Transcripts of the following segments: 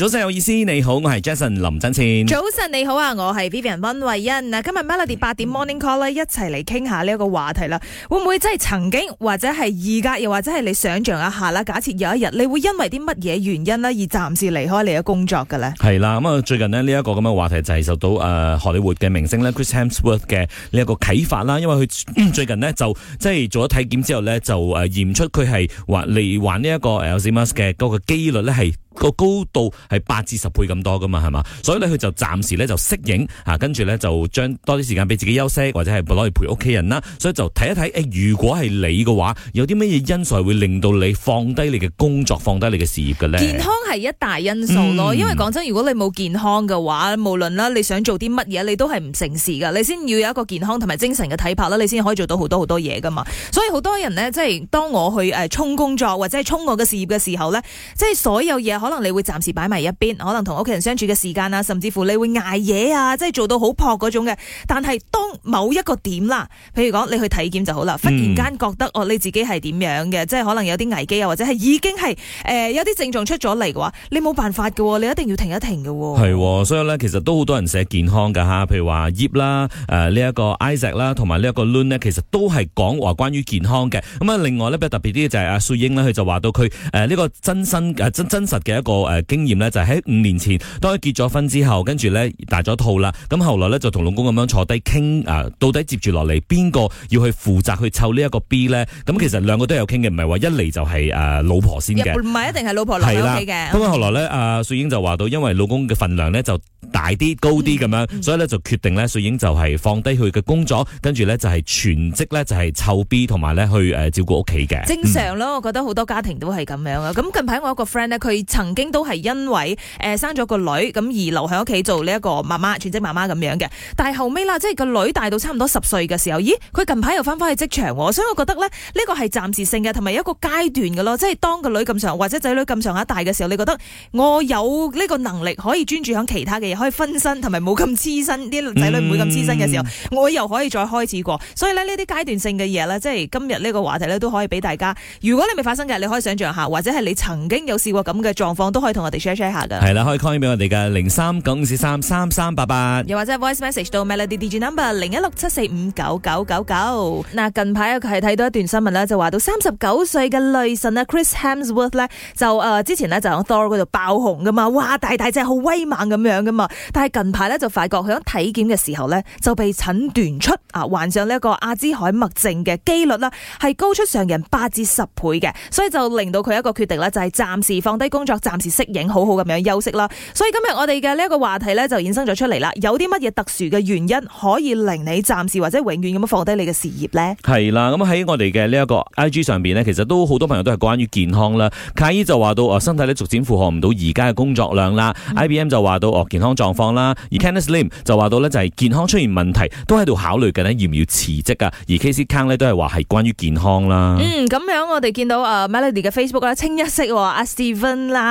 早晨有意思，你好，我係 Jason 林振倩。早晨你好啊，我係 Vivian 溫慧欣啊。今日 Melody 八點 Morning Call 咧，一齊嚟傾下呢一個話題啦。會唔會真係曾經或者係而家，又或者係你想象一下啦？假設有一日你會因為啲乜嘢原因咧，而暫時離開你嘅工作嘅呢？係啦，咁啊，最近呢，呢一個咁嘅話題就係受到誒荷里活嘅明星 Chris Hemsworth 嘅呢一個啟發啦。因為佢最近呢，就即、是、係做咗體檢之後呢，就誒驗出佢係話嚟玩呢一個 L c m a s k 嘅嗰個機率呢係。個高度係八至十倍咁多噶嘛，係嘛？所以咧，佢就暫時咧就適應，吓、啊、跟住咧就將多啲時間俾自己休息，或者係攞去陪屋企人啦。所以就睇一睇，誒、欸，如果係你嘅話，有啲乜嘢因素會令到你放低你嘅工作，放低你嘅事業嘅呢？健康係一大因素咯，嗯，因為講真，如果你冇健康嘅話，無論啦，你想做啲乜嘢，你都係唔成事噶。你先要有一個健康同埋精神嘅體魄啦，你先可以做到好多好多嘢噶嘛。所以好多人呢，即係當我去誒衝、呃、工作或者係衝我嘅事業嘅時候呢，即係所有嘢。可能你會暫時擺埋一邊，可能同屋企人相處嘅時間啊，甚至乎你會捱夜啊，即係做到好撲嗰種嘅。但係當某一個點啦，譬如講你去體檢就好啦，忽然間覺得、嗯、哦，你自己係點樣嘅，即係可能有啲危機啊，或者係已經係誒、呃、有啲症狀出咗嚟嘅話，你冇辦法嘅，你一定要停一停嘅、哦。係、哦，所以咧其實都好多人寫健康噶吓，譬如話葉啦,誒呢一個 Isaac 啦，同埋呢一個 Loon 咧，其實都係講、呃這個、話關於健康嘅。咁啊，另外咧比較特別啲就係阿穗英咧，佢就話到佢誒呢個真身誒真真實嘅。一個誒、呃、經驗咧，就係喺五年前，當佢結咗婚之後，跟住咧大咗套啦，咁後來咧就同老公咁樣坐低傾、啊、到底接住落嚟，邊個要去負責去湊呢一個 B 咧？咁、嗯嗯、其實兩個都有傾嘅，唔係話一嚟就係、是、誒、啊、老婆先嘅，唔係一定係老婆嚟屋企嘅。咁、嗯嗯、後來咧，阿、啊、瑞英就話到，因為老公嘅份量咧就大啲高啲咁樣，所以咧就決定咧，瑞英就係放低佢嘅工作，跟住咧就係、是、全職咧就係、是、湊 B 同埋咧去誒照顧屋企嘅。正常咯，嗯、我覺得好多家庭都係咁樣啊。咁近排我一個 friend 咧，佢曾經都係因為誒、呃、生咗個女咁而留喺屋企做呢一個媽媽，全職媽媽咁樣嘅。但係後尾啦，即係個女大到差唔多十歲嘅時候，咦，佢近排又翻翻去職場，所以我覺得咧呢、呢個係暫時性嘅，同埋一個階段嘅咯。即係當個女咁長或者仔女咁上下大嘅時候，你覺得我有呢個能力可以專注響其他嘅嘢，可以分身同埋冇咁黐身，啲仔女唔會咁黐身嘅時候、嗯，我又可以再開始過。所以咧呢啲階段性嘅嘢咧，即係今日呢個話題咧都可以俾大家，如果你未發生嘅，你可以想象下，或者係你曾經有試過咁嘅狀。都可以同我哋 share 下噶，係啦，可以 call 俾我哋噶零三九五四三三三八八，又或者 voice message 到 melody digit number 零一六七四五九九九九。嗱，近排佢係睇到一段新聞啦，就話到三十九歲嘅雷神啊，Chris Hemsworth 咧，就、呃、誒之前呢就喺 Thor 嗰度爆紅噶嘛，哇大大隻，好威猛咁樣噶嘛，但係近排咧就發覺佢喺體檢嘅時候咧就被診斷出啊患上呢一個阿茲海默症嘅機率咧係高出常人八至十倍嘅，所以就令到佢一個決定咧就係暫時放低工作。暫時適應，好好咁樣休息啦。所以今日我哋嘅呢一個話題咧，就衍生咗出嚟啦。有啲乜嘢特殊嘅原因可以令你暫時或者永遠咁樣放低你嘅事業呢？係啦，咁喺我哋嘅呢一個 I G 上邊呢，其實都好多朋友都係關於健康啦。卡伊就話到身體咧逐漸負荷唔到而家嘅工作量啦。I B M 就話到健康狀況啦。而 Kenneth Lim 就話到咧，就係健康出現問題，都喺度考慮緊要唔要辭職啊。而 K C Kang 咧都係話係關於健康啦。嗯，咁樣我哋見到 Melody 嘅 Facebook 清一色阿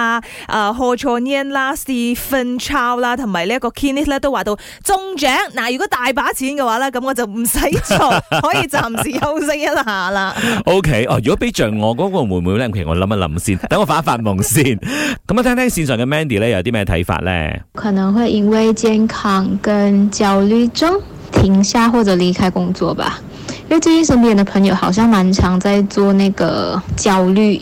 啊！啊！Hortonian 啦，Stephen Chow 啦，同埋呢一個 Kenneth 咧，都話到中獎。嗱，如果大把錢嘅話咧，咁我就唔使做，可以暫時休息一下啦。 OK，哦，如果俾着我嗰個妹妹咧，其實我諗一諗先，等 我發一發夢先。咁啊，聽聽綫上嘅 Mandy 咧有啲咩睇法咧？可能會因為健康跟焦慮症停下或者離開工作吧。因為最近身邊嘅朋友好像蠻常在做那個焦慮。.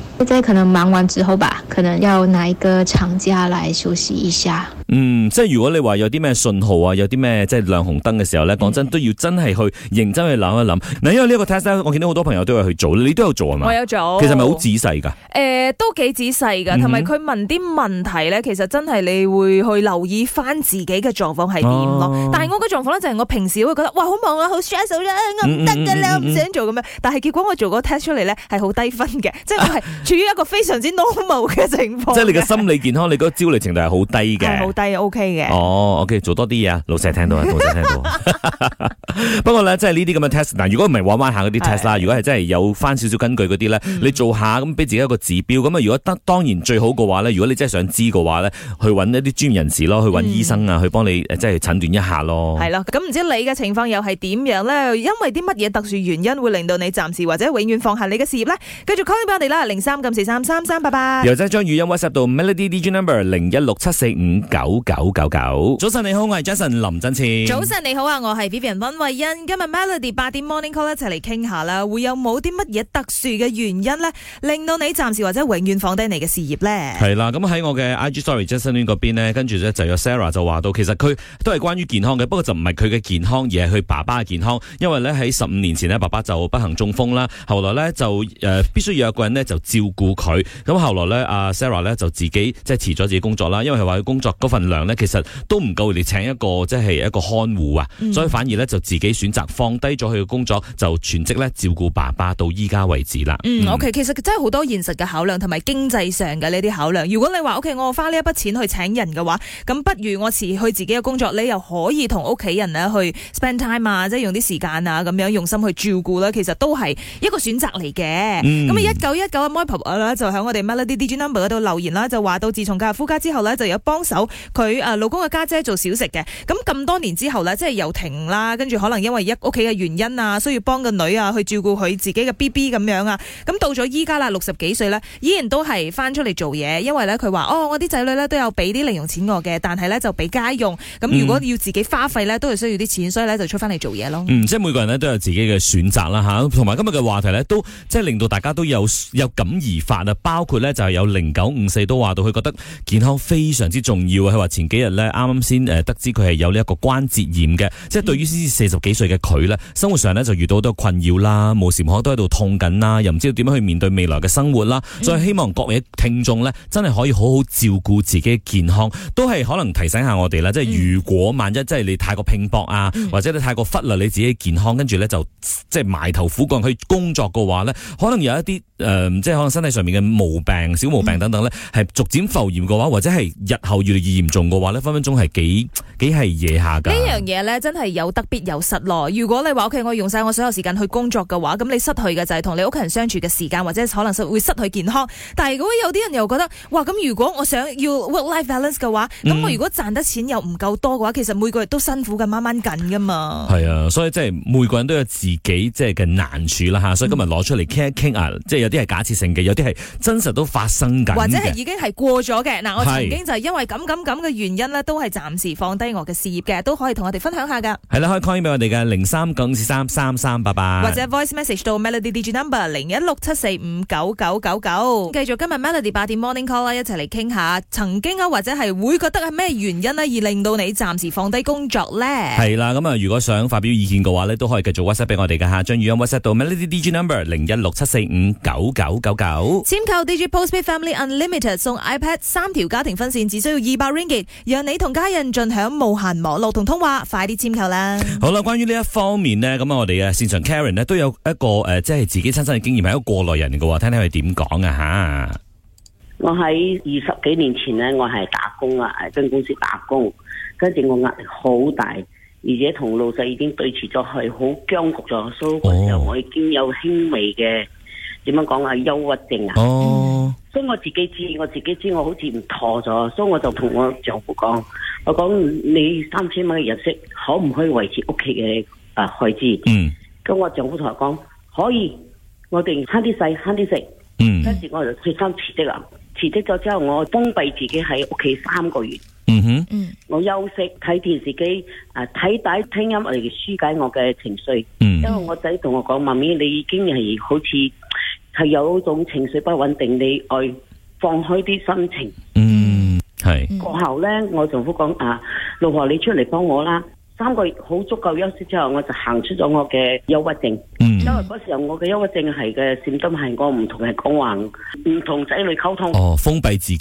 即係可能忙完之後吧，可能要拿一個長假來休息一下。嗯，即係如果你話有啲咩信號啊，有啲咩即係亮紅燈嘅時候咧，講、嗯、真都要真係去認真去諗一諗。嗱，因為呢個 test 咧，我見到好多朋友都有去做，你都有做係嘛？我有做，其實咪好仔細噶？誒、欸，都幾仔細噶，同埋佢問啲問題咧，其實真係你會去留意翻自己嘅狀況係點咯。但係我嘅狀況咧就係我平時會覺得哇好忙啊，好 stress 啊，我唔得噶啦，我唔想做咁樣。但係結果我做個 test 出嚟咧係好低分嘅，即係我係、啊。處於一個非常之 normal 嘅情況，即係你嘅心理健康，你嗰個焦慮程度係好低嘅， 好低，OK 嘅。哦、oh，OK，做多啲嘢，啊，老細聽到， 老細聽到。 不過咧，即係呢啲咁嘅 test，嗱，如果唔係玩玩下嗰啲 test 啦，如果係真係有翻少少根據嗰啲咧，你做下咁，俾自己一個指標。咁、嗯、啊，如果得當然最好嘅話咧，如果你真係想知嘅話咧，去揾一啲專業人士咯，去揾醫生啊，去幫你、嗯、即係診斷一下咯。係咯，咁唔知你嘅情況又係點樣咧？因為啲乜嘢特殊原因會令到你暫時或者永遠放下你嘅事業咧？繼續溝通俾我哋啦，零三。暫時三三三，拜拜。又再將語音 WhatsApp 到 Melody D G Number 零一六七四五九九九九。早晨你好，我係 Jason 林振前。早晨你好啊，我係 Vivian 溫慧欣。今日 Melody 八點 Morning Call 一齊嚟傾下啦，會有冇啲乜嘢特殊嘅原因咧，令到你暫時或者永遠放低你嘅事業咧？係啦，咁喺我嘅 I G Story Jason n 嗰邊咧，跟住咧就有 Sarah 就話到，其實佢都係關於健康嘅，不過就唔係佢嘅健康，而係佢爸爸嘅健康，因為咧喺十五年前咧，爸爸就不幸中風啦，後來咧就誒、呃，必須要有一個人咧就照。顧佢，咁後來咧，阿、啊、Sarah 咧就自己即係辭咗自己工作啦，因為佢話佢工作嗰份量咧，其實都唔夠你請一個即係、就是、一個看護啊、嗯，所以反而咧就自己選擇放低咗佢嘅工作，就全職咧照顧爸爸到依家為止啦。嗯嗯、o、okay, k 其實真係好多現實嘅考量同埋經濟上嘅呢啲考量。如果你話 OK，我花呢一筆錢去請人嘅話，咁不如我辭去自己嘅工作，你又可以同屋企人咧去 spend time 啊，即係用啲時間啊咁樣用心去照顧啦。其實都係一個選擇嚟嘅。咁一九一九就喺我哋乜啦啲 DJ number 嗰度留言啦，就話到自從嫁入夫家之後咧，就有幫手佢誒老公嘅家姐、姐做小食嘅。咁咁多年之後咧，即係又停啦，跟住可能因為一屋企嘅原因啊，需要幫個女啊去照顧佢自己嘅 BB 咁樣啊。咁到咗依家啦，六十幾歲咧，依然都係翻出嚟做嘢，因為咧佢話哦，我啲仔女咧都有俾啲零用錢我嘅，但係咧就俾家用。咁如果要自己花費咧，嗯，都係需要啲錢，所以咧就出翻嚟做嘢咯。嗯，即係每個人咧都有自己嘅選擇啦吓，同埋今日嘅話題咧都即係令到大家都有有感。而發啊！包括咧就係有零九五四都話到，佢覺得健康非常之重要啊！佢話前幾日咧啱啱先誒得知佢係有呢一個關節炎嘅，即係對於四十幾歲嘅佢咧，生活上咧就遇到好多困擾啦，無時無刻都喺度痛緊啦，又唔知道點樣去面對未來嘅生活啦。所以希望各位聽眾咧，真係可以好好照顧自己嘅健康，都係可能提醒下我哋啦。即係如果萬一即係你太過拼搏啊，或者你太過忽略你自己嘅健康，跟住咧就即係埋頭苦幹去工作嘅話咧，可能有一啲。誒、呃，即係可能身體上面嘅毛病、小毛病等等咧，係、嗯、逐漸浮現嘅話，或者係日後越嚟越嚴重嘅話咧，分分鐘係幾幾係惹下㗎。樣呢樣嘢咧，真係有得必有失咯。如果你話 OK，我用晒我所有時間去工作嘅話，咁你失去嘅就係同你屋企人相處嘅時間，或者可能實會失去健康。但係如果有啲人又覺得，哇，咁如果我想要 work-life balance 嘅話，咁、嗯、我如果賺得錢又唔夠多嘅話，其實每個月都辛苦嘅，掹掹緊噶嘛。係啊，所以即係每個人都有自己即係嘅難處啦吓。所以今日攞出嚟傾一傾啊、嗯，即係。啲係假設性嘅，有啲係真實都發生緊，或者係已經係過咗嘅。嗱、啊，我曾經就係因為咁咁咁嘅原因呢，都係暫時放低我嘅事業嘅，都可以同我哋分享下噶。係啦，可以 call 俾我哋嘅零三九五四三三三八八，或者 voice message 到 melody dj number 0 1 6 7 4 5 9 9 9九。繼續今日 melody 8點 morning call 啦，一齊嚟傾下曾經啊，或者係會覺得係咩原因呢，而令到你暫時放低工作呢？係啦，咁啊，如果想發表意見嘅話呢，都可以繼續 whatsapp 俾我哋嘅，將語音 whatsapp 到 melody dj number 零一六七四五九。九九九，簽購 Digi Postpaid Family Unlimited 送 iPad 三條家庭分線，只需要二百 ringgit 讓你同家人盡享無限網絡同通話，快啲簽購啦！好啦，關於呢一方面呢，咁啊，我哋嘅線上 Karen 呢，都有一個誒、呃，即係自己親身嘅經驗，係一個過來人嘅，聽聽佢點講啊吓！我喺二十幾年前呢，我係打工啊，誒，跟公司打工，跟住我壓力好大，而且同老細已經對峙咗，去，好僵局咗，所以嗰時候我已經有輕微嘅。點樣講啊？憂鬱症啊！哦、oh.，所以我自己知，我自己知，我好似唔妥咗，所以我就同我，我，mm. 我丈夫講，我講，你三千蚊嘅日息可唔可以維持屋企嘅啊開支？嗯，咁我丈夫同我講可以，我哋慳啲使，慳啲食。嗯，跟住我就決心辭職啦。辭職咗之後，我封閉自己喺屋企三個月。嗯哼，嗯，我休息睇電視機，啊睇帶聽音嚟舒解我嘅情緒。嗯、mm.，因為我仔同我講，媽咪你已經係好似。係有種情緒不穩定，你愛放開啲心情。嗯，係、嗯。過後咧，我丈夫講啊，老婆你出嚟幫我啦。三個月好足夠休息之後，我就行出咗我嘅憂鬱症。嗯，因為嗰時候我嘅憂鬱症係嘅，點都係我唔同人講話，唔同仔女溝通。哦，封閉自己。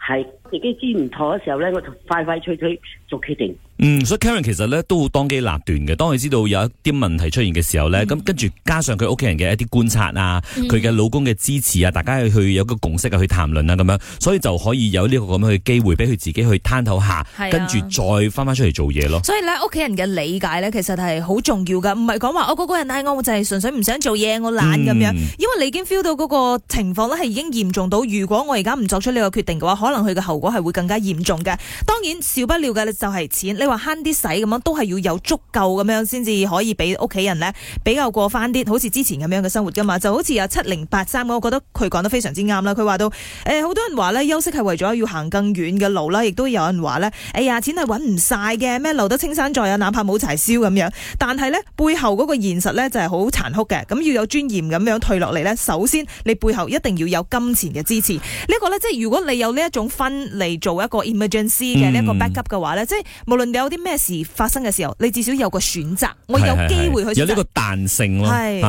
係自己知唔妥嘅時候咧，我就快快脆脆做決定。嗯，所以 Karen 其實咧都好當機立斷嘅。當佢知道有一啲問題出現嘅時候咧，咁、嗯、跟住加上佢屋企人嘅一啲觀察啊，佢、嗯、嘅老公嘅支持啊，大家去去有個共識啊去談論啊咁樣，所以就可以有呢個咁樣嘅機會俾佢自己去探討下，啊、跟住再翻翻出嚟做嘢咯。所以呢屋企人嘅理解咧，其實係好重要㗎。唔係講話我嗰個人嗌我，我就係純粹唔想做嘢，我懶咁樣、嗯。因為你已經 feel 到嗰個情況呢，係已經嚴重到，如果我而家唔作出呢個決定嘅話，可能佢嘅後果係會更加嚴重嘅。當然少不了嘅就係、是、錢。你話慳啲使咁樣，都係要有足夠咁樣，先至可以俾屋企人咧比較過翻啲，好似之前咁樣嘅生活噶嘛。就好似啊七零八三，我覺得佢講得非常之啱啦。佢話到誒，好、欸、多人話咧，休息係為咗要行更遠嘅路啦，亦都有人話咧，哎呀，錢係搵唔晒嘅咩，留得青山在啊，哪怕冇柴燒咁樣。但係咧背後嗰個現實咧就係好殘酷嘅，咁要有尊嚴咁樣退落嚟咧，首先你背後一定要有金錢嘅支持。這個、呢個咧即係如果你有呢一種 fund 嚟做一個 emergency 嘅一、這個 backup 嘅話咧、嗯，即係無論。有啲咩事發生嘅時候，你至少有個選擇，我有機會去選擇。是是是，有呢個彈性咯，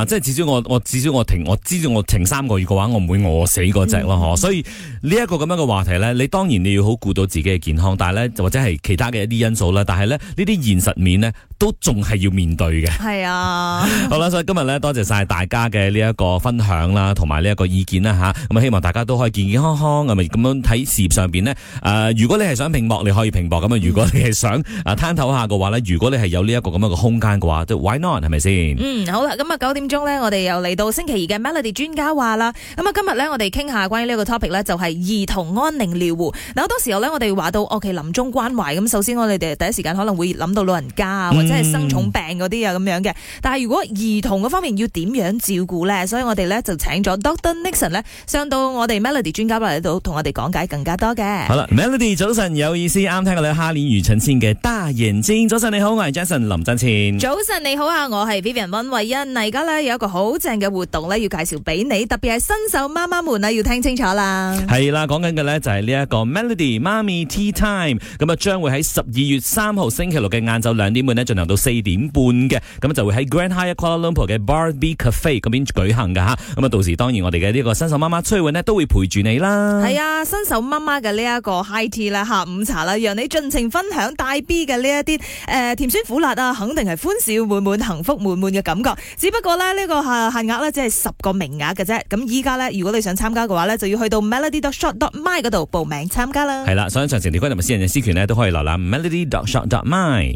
即係、啊、至少我我至少我停，我知道我停三個月嘅話，我唔會餓死嗰隻咯，所以呢一、這個咁樣嘅話題呢，你當然你要好顧到自己嘅健康，嗯、但係呢，或者係其他嘅一啲因素啦，但係呢呢啲現實面呢，都仲係要面對嘅。係啊， 好啦，所以今日呢，多謝晒大家嘅呢一個分享啦，同埋呢一個意見啦，吓咁希望大家都可以健健康康，咁樣喺事業上邊呢，誒、呃，如果你係想拼搏，你可以拼搏，咁啊，如果你係想、嗯啊，探討下嘅話咧，如果你係有呢一個咁樣嘅空間嘅話，都 why not 係咪先？嗯，好啦，咁啊九點鐘咧，我哋又嚟到星期二嘅 Melody 專家話啦。咁啊今日咧，我哋傾下關於呢個 topic 咧，就係、是、兒童安寧療護。嗱，好多時候咧，我哋話到屋企臨終關懷，咁首先我哋哋第一時間可能會諗到老人家啊，或者係生重病嗰啲啊咁樣嘅。但係如果兒童嗰方面要點樣照顧咧，所以我哋咧就請咗 Dr. Nixon 咧上到我哋 Melody 專家嚟同我哋講解更加多嘅。好啦，Melody 早晨有意思，啱聽個咧哈年余陳先嘅。大言先，早晨你好，我係 Jason 林振前。早晨你好啊，我係 Vivian 溫慧欣。而家咧有一個好正嘅活動咧，要介紹俾你，特別係新手媽媽們呢要聽清楚啦。係啦、啊，講緊嘅咧就係呢一個 Melody Mommy Tea Time，咁啊將會喺十二月三號星期六嘅晏晝兩點半呢，進行到四點半嘅，咁就會喺 Grand Hyatt Kuala Lumpur 嘅 Bar B Cafe 嗰邊舉行噶吓。咁啊到時當然我哋嘅呢個新手媽媽參與呢，都會陪住你啦。係啊，新手媽媽嘅呢一個 high tea 啦，下午茶啦，讓你盡情分享大 B-。嘅呢一啲，誒 甜酸苦辣啊，肯定係歡笑滿滿、幸福滿滿嘅感覺。只不過咧，呢、這個限限額咧，只係十個名額嘅啫。咁依家咧，如果你想參加嘅話咧，就要去到 melody dot shot dot my 嗰度報名參加啦。係 啦，所以詳情、條規同埋私人嘅私權咧，都可以瀏覽 melody dot shot dot my。